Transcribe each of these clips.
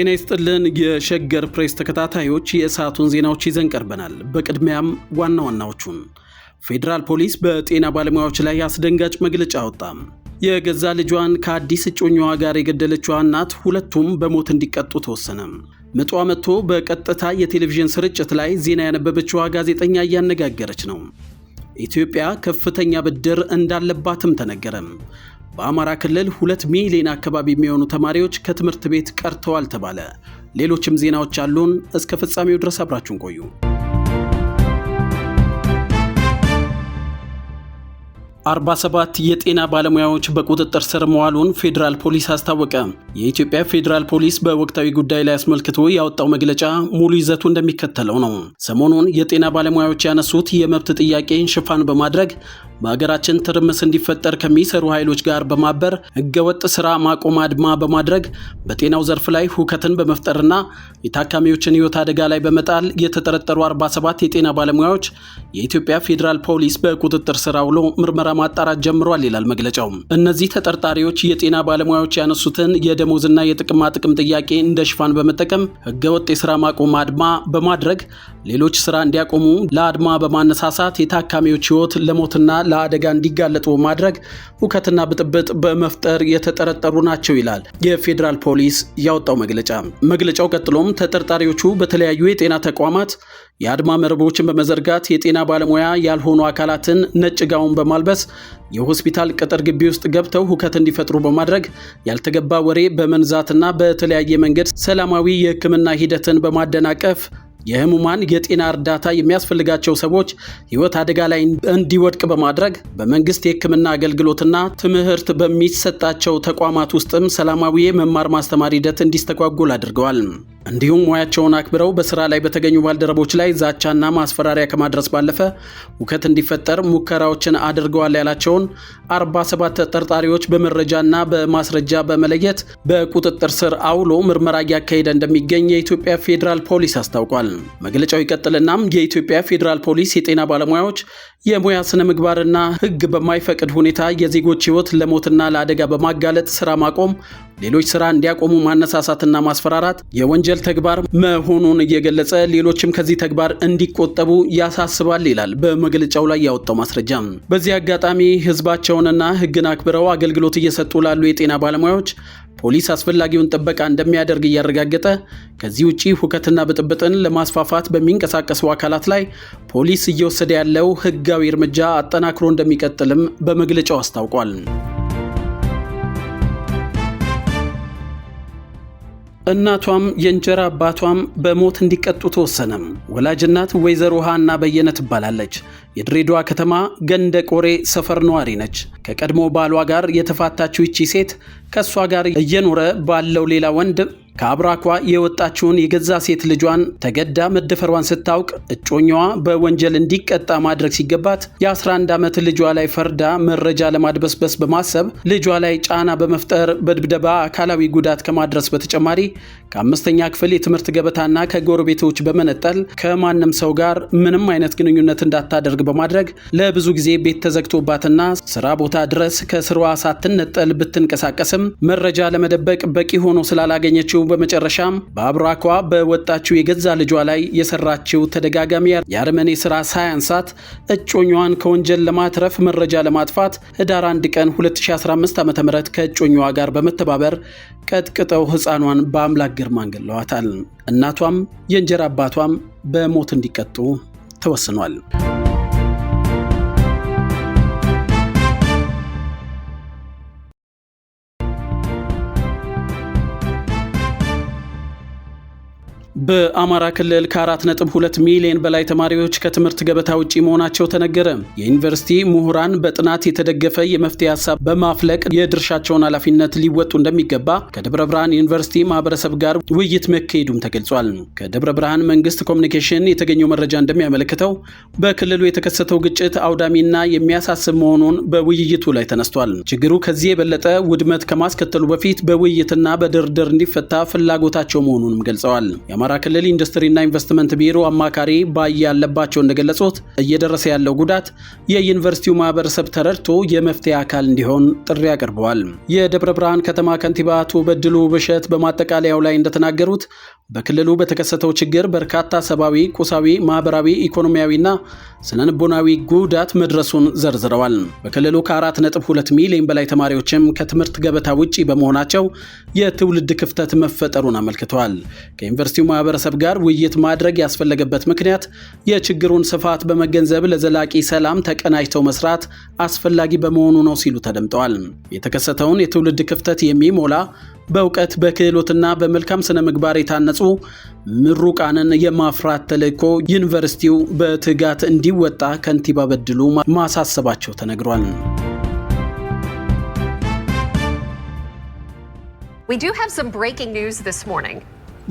ጤና ይስጥልን የሸገር ፕሬስ ተከታታዮች፣ የሰዓቱን ዜናዎች ይዘን ቀርበናል። በቅድሚያም ዋና ዋናዎቹን። ፌዴራል ፖሊስ በጤና ባለሙያዎች ላይ አስደንጋጭ መግለጫ አወጣ። የገዛ ልጇን ከአዲስ እጮኛዋ ጋር የገደለችዋ እናት ሁለቱም በሞት እንዲቀጡ ተወሰነ። ምጧ መጥቶ በቀጥታ የቴሌቪዥን ስርጭት ላይ ዜና ያነበበችዋ ጋዜጠኛ እያነጋገረች ነው። ኢትዮጵያ ከፍተኛ ብድር እንዳለባትም ተነገረም። በአማራ ክልል ሁለት ሚሊዮን አካባቢ የሚሆኑ ተማሪዎች ከትምህርት ቤት ቀርተዋል ተባለ። ሌሎችም ዜናዎች አሉን። እስከ ፍጻሜው ድረስ አብራችሁን ቆዩ። አርባ ሰባት የጤና ባለሙያዎች በቁጥጥር ስር መዋሉን ፌዴራል ፖሊስ አስታወቀ። የኢትዮጵያ ፌዴራል ፖሊስ በወቅታዊ ጉዳይ ላይ አስመልክቶ ያወጣው መግለጫ ሙሉ ይዘቱ እንደሚከተለው ነው። ሰሞኑን የጤና ባለሙያዎች ያነሱት የመብት ጥያቄን ሽፋን በማድረግ በሀገራችን ትርምስ እንዲፈጠር ከሚሰሩ ኃይሎች ጋር በማበር ህገወጥ ስራ ማቆም አድማ በማድረግ በጤናው ዘርፍ ላይ ሁከትን በመፍጠርና የታካሚዎችን ህይወት አደጋ ላይ በመጣል የተጠረጠሩ 47 የጤና ባለሙያዎች የኢትዮጵያ ፌዴራል ፖሊስ በቁጥጥር ስር አውሎ ምርመራ ማጣራት ጀምሯል ይላል መግለጫው። እነዚህ ተጠርጣሪዎች የጤና ባለሙያዎች ያነሱትን የደሞዝና የጥቅማ ጥቅም ጥያቄ እንደ ሽፋን በመጠቀም ህገወጥ የስራ ማቆም አድማ በማድረግ ሌሎች ስራ እንዲያቆሙ ለአድማ በማነሳሳት የታካሚዎች ህይወት ለሞትና ለአደጋ እንዲጋለጡ ማድረግ፣ ሁከትና ብጥብጥ በመፍጠር የተጠረጠሩ ናቸው ይላል የፌዴራል ፖሊስ ያወጣው መግለጫ። መግለጫው ቀጥሎም ተጠርጣሪዎቹ በተለያዩ የጤና ተቋማት የአድማ መረቦችን በመዘርጋት የጤና ባለሙያ ያልሆኑ አካላትን ነጭ ጋውን በማልበስ የሆስፒታል ቅጥር ግቢ ውስጥ ገብተው ሁከት እንዲፈጥሩ በማድረግ ያልተገባ ወሬ በመንዛትና በተለያየ መንገድ ሰላማዊ የሕክምና ሂደትን በማደናቀፍ የህሙማን የጤና እርዳታ የሚያስፈልጋቸው ሰዎች ህይወት አደጋ ላይ እንዲወድቅ በማድረግ በመንግስት የህክምና አገልግሎትና ትምህርት በሚሰጣቸው ተቋማት ውስጥም ሰላማዊ የመማር ማስተማር ሂደት እንዲስተጓጎል አድርገዋል። እንዲሁም ሙያቸውን አክብረው በስራ ላይ በተገኙ ባልደረቦች ላይ ዛቻና ማስፈራሪያ ከማድረስ ባለፈ ውከት እንዲፈጠር ሙከራዎችን አድርገዋል ያላቸውን 47 ተጠርጣሪዎች በመረጃና በማስረጃ በመለየት በቁጥጥር ስር አውሎ ምርመራ እያካሄደ እንደሚገኝ የኢትዮጵያ ፌዴራል ፖሊስ አስታውቋል። መግለጫው ይቀጥልናም የኢትዮጵያ ፌዴራል ፖሊስ የጤና ባለሙያዎች የሙያ ስነ ምግባርና ሕግ በማይፈቅድ ሁኔታ የዜጎች ሕይወት ለሞትና ለአደጋ በማጋለጥ ስራ ማቆም፣ ሌሎች ስራ እንዲያቆሙ ማነሳሳትና ማስፈራራት የወንጀል የወንጀል ተግባር መሆኑን እየገለጸ ሌሎችም ከዚህ ተግባር እንዲቆጠቡ ያሳስባል ይላል በመግለጫው ላይ ያወጣው ማስረጃ። በዚህ አጋጣሚ ህዝባቸውንና ህግን አክብረው አገልግሎት እየሰጡ ላሉ የጤና ባለሙያዎች ፖሊስ አስፈላጊውን ጥበቃ እንደሚያደርግ እያረጋገጠ ከዚህ ውጪ ሁከትና ብጥብጥን ለማስፋፋት በሚንቀሳቀሱ አካላት ላይ ፖሊስ እየወሰደ ያለው ህጋዊ እርምጃ አጠናክሮ እንደሚቀጥልም በመግለጫው አስታውቋል። እናቷም የእንጀራ አባቷም በሞት እንዲቀጡ ተወሰነም። ወላጅ እናት ወይዘሮ ሃና በየነ ትባላለች። የድሬዳዋ ከተማ ገንደ ቆሬ ሰፈር ነዋሪ ነች። ከቀድሞ ባሏ ጋር የተፋታችው ይቺ ሴት ከእሷ ጋር እየኖረ ባለው ሌላ ወንድ ከአብራኳ የወጣችውን የገዛ ሴት ልጇን ተገዳ መደፈሯን ስታውቅ እጮኛዋ በወንጀል እንዲቀጣ ማድረግ ሲገባት የ11 ዓመት ልጇ ላይ ፈርዳ መረጃ ለማድበስበስ በማሰብ ልጇ ላይ ጫና በመፍጠር በድብደባ አካላዊ ጉዳት ከማድረስ በተጨማሪ ከአምስተኛ ክፍል የትምህርት ገበታና ከጎረቤቶች በመነጠል ከማንም ሰው ጋር ምንም አይነት ግንኙነት እንዳታደርግ በማድረግ ለብዙ ጊዜ ቤት ተዘግቶባትና ስራ ቦታ ድረስ ከስሯ ሳትነጠል ብትንቀሳቀስም መረጃ ለመደበቅ በቂ ሆኖ ስላላገኘችው በመጨረሻም በአብራኳ በወጣችው የገዛ ልጇ ላይ የሰራችው ተደጋጋሚ የአረመኔ ስራ ሳያንሳት እጮኛዋን ከወንጀል ለማትረፍ መረጃ ለማጥፋት ህዳር 1 ቀን 2015 ም ከእጮኛዋ ጋር በመተባበር ቀጥቅጠው ህፃኗን በአምላክ ግርማ እንገለዋታል። እናቷም የእንጀራ አባቷም በሞት እንዲቀጡ ተወስኗል። በአማራ ክልል ከ4.2 ሚሊዮን በላይ ተማሪዎች ከትምህርት ገበታ ውጪ መሆናቸው ተነገረ። የዩኒቨርሲቲ ምሁራን በጥናት የተደገፈ የመፍትሄ ሀሳብ በማፍለቅ የድርሻቸውን ኃላፊነት ሊወጡ እንደሚገባ ከደብረ ብርሃን ዩኒቨርሲቲ ማህበረሰብ ጋር ውይይት መካሄዱም ተገልጿል። ከደብረ ብርሃን መንግስት ኮሚኒኬሽን የተገኘው መረጃ እንደሚያመለክተው በክልሉ የተከሰተው ግጭት አውዳሚና የሚያሳስብ መሆኑን በውይይቱ ላይ ተነስቷል። ችግሩ ከዚህ የበለጠ ውድመት ከማስከተሉ በፊት በውይይትና በድርድር እንዲፈታ ፍላጎታቸው መሆኑንም ገልጸዋል። ክልል ኢንዱስትሪና ኢንቨስትመንት ቢሮ አማካሪ ባይ ያለባቸው እንደገለጹት እየደረሰ ያለው ጉዳት የዩኒቨርሲቲው ማህበረሰብ ተረድቶ የመፍትሄ አካል እንዲሆን ጥሪ አቅርበዋል። የደብረ ብርሃን ከተማ ከንቲባ አቶ በድሉ ብሸት በማጠቃለያው ላይ እንደተናገሩት በክልሉ በተከሰተው ችግር በርካታ ሰብአዊ፣ ቁሳዊ፣ ማህበራዊ፣ ኢኮኖሚያዊና ስነልቦናዊ ጉዳት መድረሱን ዘርዝረዋል። በክልሉ ከ4.2 ሚሊዮን በላይ ተማሪዎችም ከትምህርት ገበታ ውጪ በመሆናቸው የትውልድ ክፍተት መፈጠሩን አመልክተዋል። ከዩኒቨርሲቲው ማህበረሰብ ጋር ውይይት ማድረግ ያስፈለገበት ምክንያት የችግሩን ስፋት በመገንዘብ ለዘላቂ ሰላም ተቀናጅተው መስራት አስፈላጊ በመሆኑ ነው ሲሉ ተደምጠዋል። የተከሰተውን የትውልድ ክፍተት የሚሞላ በእውቀት በክህሎትና በመልካም ስነ ምግባር የታነጹ ምሩቃንን የማፍራት ተልእኮ ዩኒቨርሲቲው በትጋት እንዲወጣ ከንቲባ በድሉ ማሳሰባቸው ተነግሯል። We do have some breaking news this morning.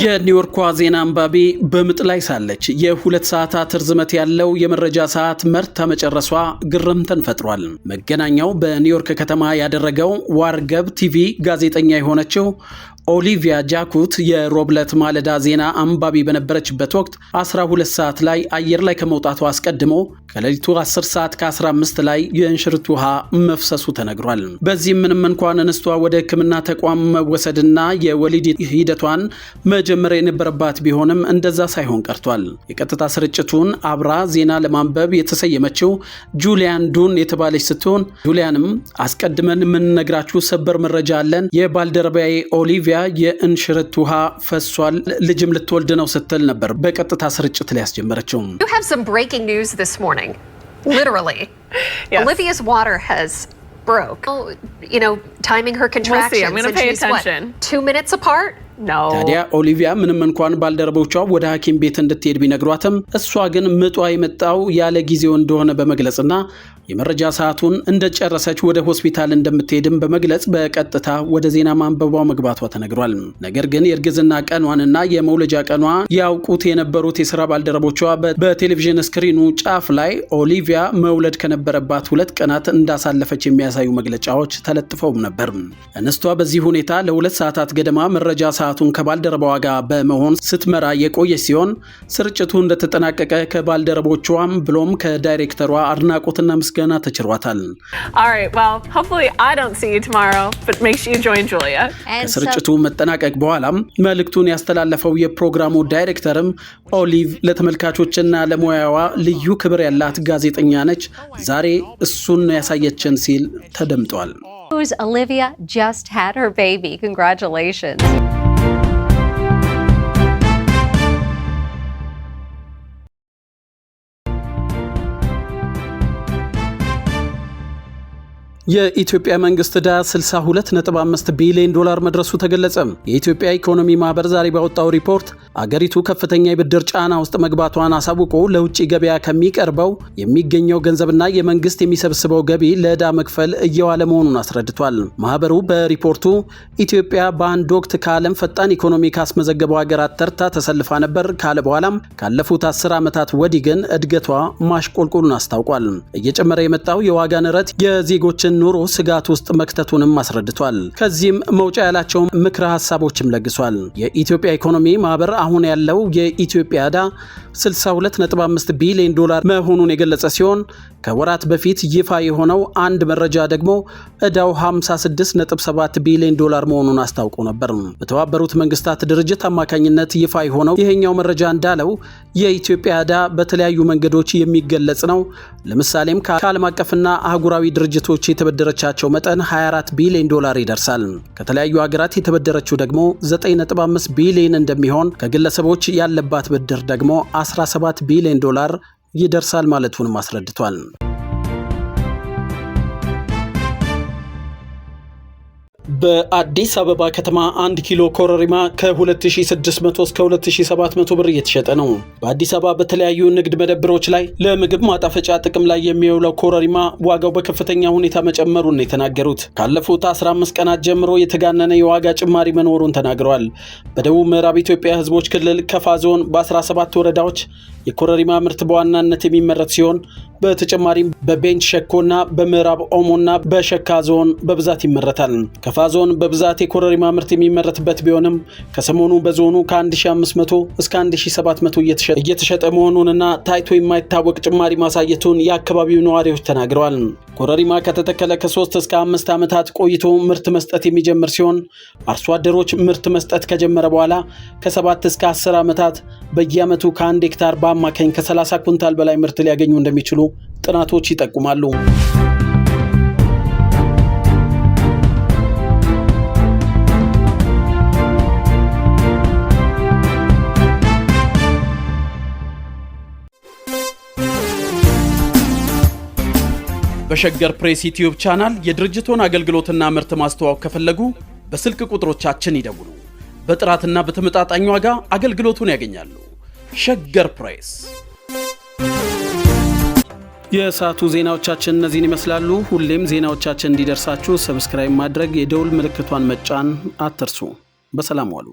የኒውዮርኳ ዜና አንባቢ በምጥ ላይ ሳለች የሁለት ሰዓታት ርዝመት ያለው የመረጃ ሰዓት መርታ መጨረሷ ግርምትን ፈጥሯል። መገናኛው በኒውዮርክ ከተማ ያደረገው ዋርገብ ቲቪ ጋዜጠኛ የሆነችው ኦሊቪያ ጃኩት የሮብለት ማለዳ ዜና አንባቢ በነበረችበት ወቅት 12 ሰዓት ላይ አየር ላይ ከመውጣቱ አስቀድሞ ከሌሊቱ 10 ሰዓት ከ15 ላይ የእንሽርት ውሃ መፍሰሱ ተነግሯል። በዚህም ምንም እንኳን እንስቷ ወደ ሕክምና ተቋም መወሰድና የወሊድ ሂደቷን መጀመር የነበረባት ቢሆንም እንደዛ ሳይሆን ቀርቷል። የቀጥታ ስርጭቱን አብራ ዜና ለማንበብ የተሰየመችው ጁሊያን ዱን የተባለች ስትሆን ጁሊያንም አስቀድመን የምንነግራችሁ ሰበር መረጃ አለን የባልደረባዬ ኦሊቪያ You have some breaking news this morning. Literally, Olivia's water has broke. Oh. you know, timing her contractions. We'll see. I'm going to pay attention. two minutes apart? ታዲያ ኦሊቪያ ምንም እንኳን ባልደረቦቿ ወደ ሐኪም ቤት እንድትሄድ ቢነግሯትም እሷ ግን ምጧ የመጣው ያለ ጊዜው እንደሆነ በመግለጽና የመረጃ ሰዓቱን እንደጨረሰች ወደ ሆስፒታል እንደምትሄድም በመግለጽ በቀጥታ ወደ ዜና ማንበቧ መግባቷ ተነግሯል። ነገር ግን የእርግዝና ቀኗንና የመውለጃ ቀኗ ያውቁት የነበሩት የስራ ባልደረቦቿ በቴሌቪዥን ስክሪኑ ጫፍ ላይ ኦሊቪያ መውለድ ከነበረባት ሁለት ቀናት እንዳሳለፈች የሚያሳዩ መግለጫዎች ተለጥፈውም ነበር። እንስቷ በዚህ ሁኔታ ለሁለት ሰዓታት ገደማ መረጃ ስርዓቱን ከባልደረባዋ ጋር በመሆን ስትመራ የቆየች ሲሆን ስርጭቱ እንደተጠናቀቀ ከባልደረቦቿም ብሎም ከዳይሬክተሯ አድናቆትና ምስጋና ተችሯታል። ከስርጭቱ መጠናቀቅ በኋላም መልእክቱን ያስተላለፈው የፕሮግራሙ ዳይሬክተርም ኦሊቭ ለተመልካቾችና ለሙያዋ ልዩ ክብር ያላት ጋዜጠኛ ነች፣ ዛሬ እሱን ያሳየችን ሲል ተደምጧል። news Olivia just had her baby. Congratulations. የኢትዮጵያ መንግስት ዕዳ 62.5 ቢሊዮን ዶላር መድረሱ ተገለጸ። የኢትዮጵያ ኢኮኖሚ ማህበር ዛሬ ባወጣው ሪፖርት አገሪቱ ከፍተኛ የብድር ጫና ውስጥ መግባቷን አሳውቆ ለውጭ ገበያ ከሚቀርበው የሚገኘው ገንዘብና የመንግስት የሚሰብስበው ገቢ ለዕዳ መክፈል እየዋለ መሆኑን አስረድቷል። ማህበሩ በሪፖርቱ ኢትዮጵያ በአንድ ወቅት ከዓለም ፈጣን ኢኮኖሚ ካስመዘገበው ሀገራት ተርታ ተሰልፋ ነበር ካለ በኋላም ካለፉት አስር ዓመታት ወዲህ ግን እድገቷ ማሽቆልቆሉን አስታውቋል። እየጨመረ የመጣው የዋጋ ንረት የዜጎችን ኑሮ ስጋት ውስጥ መክተቱንም አስረድቷል። ከዚህም መውጫ ያላቸው ምክረ ሀሳቦችም ለግሷል። የኢትዮጵያ ኢኮኖሚ ማህበር አሁን ያለው የኢትዮጵያ ዕዳ 62.5 ቢሊዮን ዶላር መሆኑን የገለጸ ሲሆን ከወራት በፊት ይፋ የሆነው አንድ መረጃ ደግሞ እዳው 56.7 ቢሊዮን ዶላር መሆኑን አስታውቆ ነበር። በተባበሩት መንግስታት ድርጅት አማካኝነት ይፋ የሆነው ይሄኛው መረጃ እንዳለው የኢትዮጵያ እዳ በተለያዩ መንገዶች የሚገለጽ ነው። ለምሳሌም ከዓለም አቀፍና አህጉራዊ ድርጅቶች የተበደረቻቸው መጠን 24 ቢሊዮን ዶላር ይደርሳል። ከተለያዩ ሀገራት የተበደረችው ደግሞ 9.5 ቢሊዮን እንደሚሆን፣ ከግለሰቦች ያለባት ብድር ደግሞ 17 ቢሊዮን ዶላር ይደርሳል ማለቱንም አስረድቷል። በአዲስ አበባ ከተማ 1 ኪሎ ኮረሪማ ከ2600 እስከ 2700 ብር እየተሸጠ ነው። በአዲስ አበባ በተለያዩ ንግድ መደብሮች ላይ ለምግብ ማጣፈጫ ጥቅም ላይ የሚውለው ኮረሪማ ዋጋው በከፍተኛ ሁኔታ መጨመሩን የተናገሩት። ካለፉት 15 ቀናት ጀምሮ የተጋነነ የዋጋ ጭማሪ መኖሩን ተናግረዋል። በደቡብ ምዕራብ ኢትዮጵያ ህዝቦች ክልል ከፋ ዞን በ17 ወረዳዎች የኮረሪማ ምርት በዋናነት የሚመረት ሲሆን በተጨማሪም በቤንች ሸኮና በምዕራብ ኦሞና በሸካ ዞን በብዛት ይመረታል። አፋ ዞን በብዛት የኮረሪማ ምርት የሚመረትበት ቢሆንም ከሰሞኑ በዞኑ ከ1500 እስከ 1700 እየተሸጠ መሆኑንና ታይቶ የማይታወቅ ጭማሪ ማሳየቱን የአካባቢው ነዋሪዎች ተናግረዋል። ኮረሪማ ከተተከለ ከ3 እስከ 5 ዓመታት ቆይቶ ምርት መስጠት የሚጀምር ሲሆን አርሶ አደሮች ምርት መስጠት ከጀመረ በኋላ ከሰባት እስከ 10 ዓመታት በየዓመቱ ከ1 ሄክታር በአማካኝ ከ30 ኩንታል በላይ ምርት ሊያገኙ እንደሚችሉ ጥናቶች ይጠቁማሉ። በሸገር ፕሬስ ዩቲዩብ ቻናል የድርጅቶን አገልግሎትና ምርት ማስተዋወቅ ከፈለጉ በስልክ ቁጥሮቻችን ይደውሉ። በጥራትና በተመጣጣኝ ዋጋ አገልግሎቱን ያገኛሉ። ሸገር ፕሬስ። የሰዓቱ ዜናዎቻችን እነዚህን ይመስላሉ። ሁሌም ዜናዎቻችን እንዲደርሳችሁ ሰብስክራይብ ማድረግ፣ የደውል ምልክቷን መጫን አትርሱ። በሰላም ዋሉ።